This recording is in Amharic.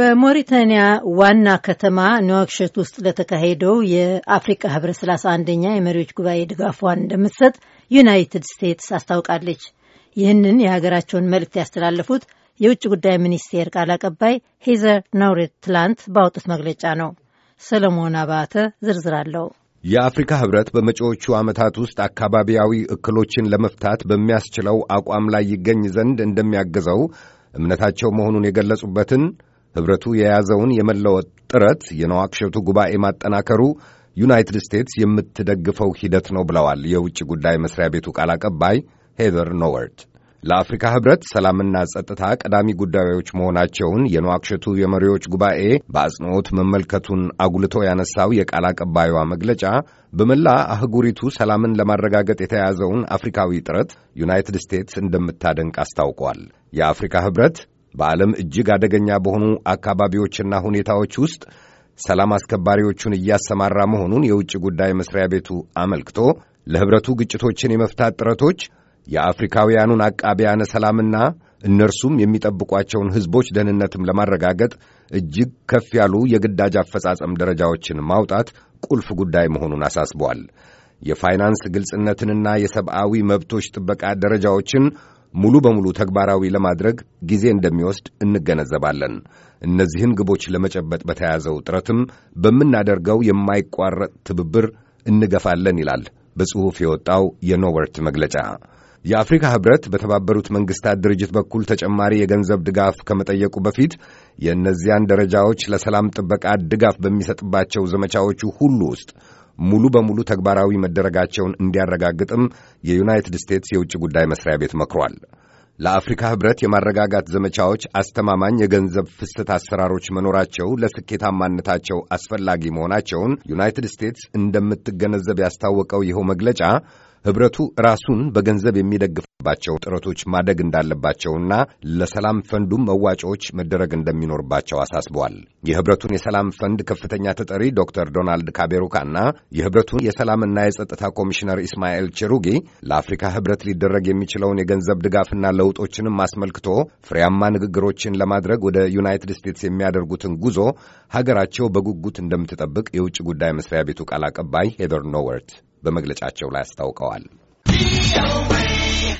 በሞሪታንያ ዋና ከተማ ነዋክሸት ውስጥ ለተካሄደው የአፍሪካ ህብረት ስላሳ አንደኛ የመሪዎች ጉባኤ ድጋፏን እንደምትሰጥ ዩናይትድ ስቴትስ አስታውቃለች። ይህንን የሀገራቸውን መልእክት ያስተላለፉት የውጭ ጉዳይ ሚኒስቴር ቃል አቀባይ ሄዘር ናውሬት ትላንት ባወጡት መግለጫ ነው። ሰለሞን አባተ ዝርዝር አለው። የአፍሪካ ህብረት በመጪዎቹ ዓመታት ውስጥ አካባቢያዊ እክሎችን ለመፍታት በሚያስችለው አቋም ላይ ይገኝ ዘንድ እንደሚያግዘው እምነታቸው መሆኑን የገለጹበትን ኅብረቱ የያዘውን የመለወጥ ጥረት የነዋክሸቱ ጉባኤ ማጠናከሩ ዩናይትድ ስቴትስ የምትደግፈው ሂደት ነው ብለዋል የውጭ ጉዳይ መስሪያ ቤቱ ቃል አቀባይ ሄዘር ኖወርድ። ለአፍሪካ ኅብረት ሰላምና ጸጥታ ቀዳሚ ጉዳዮች መሆናቸውን የነዋክሸቱ የመሪዎች ጉባኤ በአጽንዖት መመልከቱን አጉልቶ ያነሳው የቃል አቀባዩዋ መግለጫ በመላ አህጉሪቱ ሰላምን ለማረጋገጥ የተያዘውን አፍሪካዊ ጥረት ዩናይትድ ስቴትስ እንደምታደንቅ አስታውቋል። የአፍሪካ ኅብረት በዓለም እጅግ አደገኛ በሆኑ አካባቢዎችና ሁኔታዎች ውስጥ ሰላም አስከባሪዎቹን እያሰማራ መሆኑን የውጭ ጉዳይ መስሪያ ቤቱ አመልክቶ ለኅብረቱ ግጭቶችን የመፍታት ጥረቶች የአፍሪካውያኑን አቃቢያነ ሰላምና እነርሱም የሚጠብቋቸውን ሕዝቦች ደህንነትም ለማረጋገጥ እጅግ ከፍ ያሉ የግዳጅ አፈጻጸም ደረጃዎችን ማውጣት ቁልፍ ጉዳይ መሆኑን አሳስቧል። የፋይናንስ ግልጽነትንና የሰብዓዊ መብቶች ጥበቃ ደረጃዎችን ሙሉ በሙሉ ተግባራዊ ለማድረግ ጊዜ እንደሚወስድ እንገነዘባለን። እነዚህን ግቦች ለመጨበጥ በተያዘው ጥረትም በምናደርገው የማይቋረጥ ትብብር እንገፋለን ይላል በጽሑፍ የወጣው የኖወርት መግለጫ። የአፍሪካ ህብረት በተባበሩት መንግስታት ድርጅት በኩል ተጨማሪ የገንዘብ ድጋፍ ከመጠየቁ በፊት የእነዚያን ደረጃዎች ለሰላም ጥበቃ ድጋፍ በሚሰጥባቸው ዘመቻዎቹ ሁሉ ውስጥ ሙሉ በሙሉ ተግባራዊ መደረጋቸውን እንዲያረጋግጥም የዩናይትድ ስቴትስ የውጭ ጉዳይ መስሪያ ቤት መክሯል። ለአፍሪካ ህብረት የማረጋጋት ዘመቻዎች አስተማማኝ የገንዘብ ፍሰት አሰራሮች መኖራቸው ለስኬታማነታቸው አስፈላጊ መሆናቸውን ዩናይትድ ስቴትስ እንደምትገነዘብ ያስታወቀው ይኸው መግለጫ ኅብረቱ ራሱን በገንዘብ የሚደግፍባቸው ጥረቶች ማደግ እንዳለባቸውና ለሰላም ፈንዱም መዋጮዎች መደረግ እንደሚኖርባቸው አሳስበዋል። የኅብረቱን የሰላም ፈንድ ከፍተኛ ተጠሪ ዶክተር ዶናልድ ካቤሩካና የኅብረቱን የሰላምና የጸጥታ ኮሚሽነር ኢስማኤል ቼሩጌ ለአፍሪካ ኅብረት ሊደረግ የሚችለውን የገንዘብ ድጋፍና ለውጦችንም አስመልክቶ ፍሬያማ ንግግሮችን ለማድረግ ወደ ዩናይትድ ስቴትስ የሚያደርጉትን ጉዞ ሀገራቸው በጉጉት እንደምትጠብቅ የውጭ ጉዳይ መስሪያ ቤቱ ቃል አቀባይ ሄደር ኖወርት በመግለጫቸው ላይ አስታውቀዋል።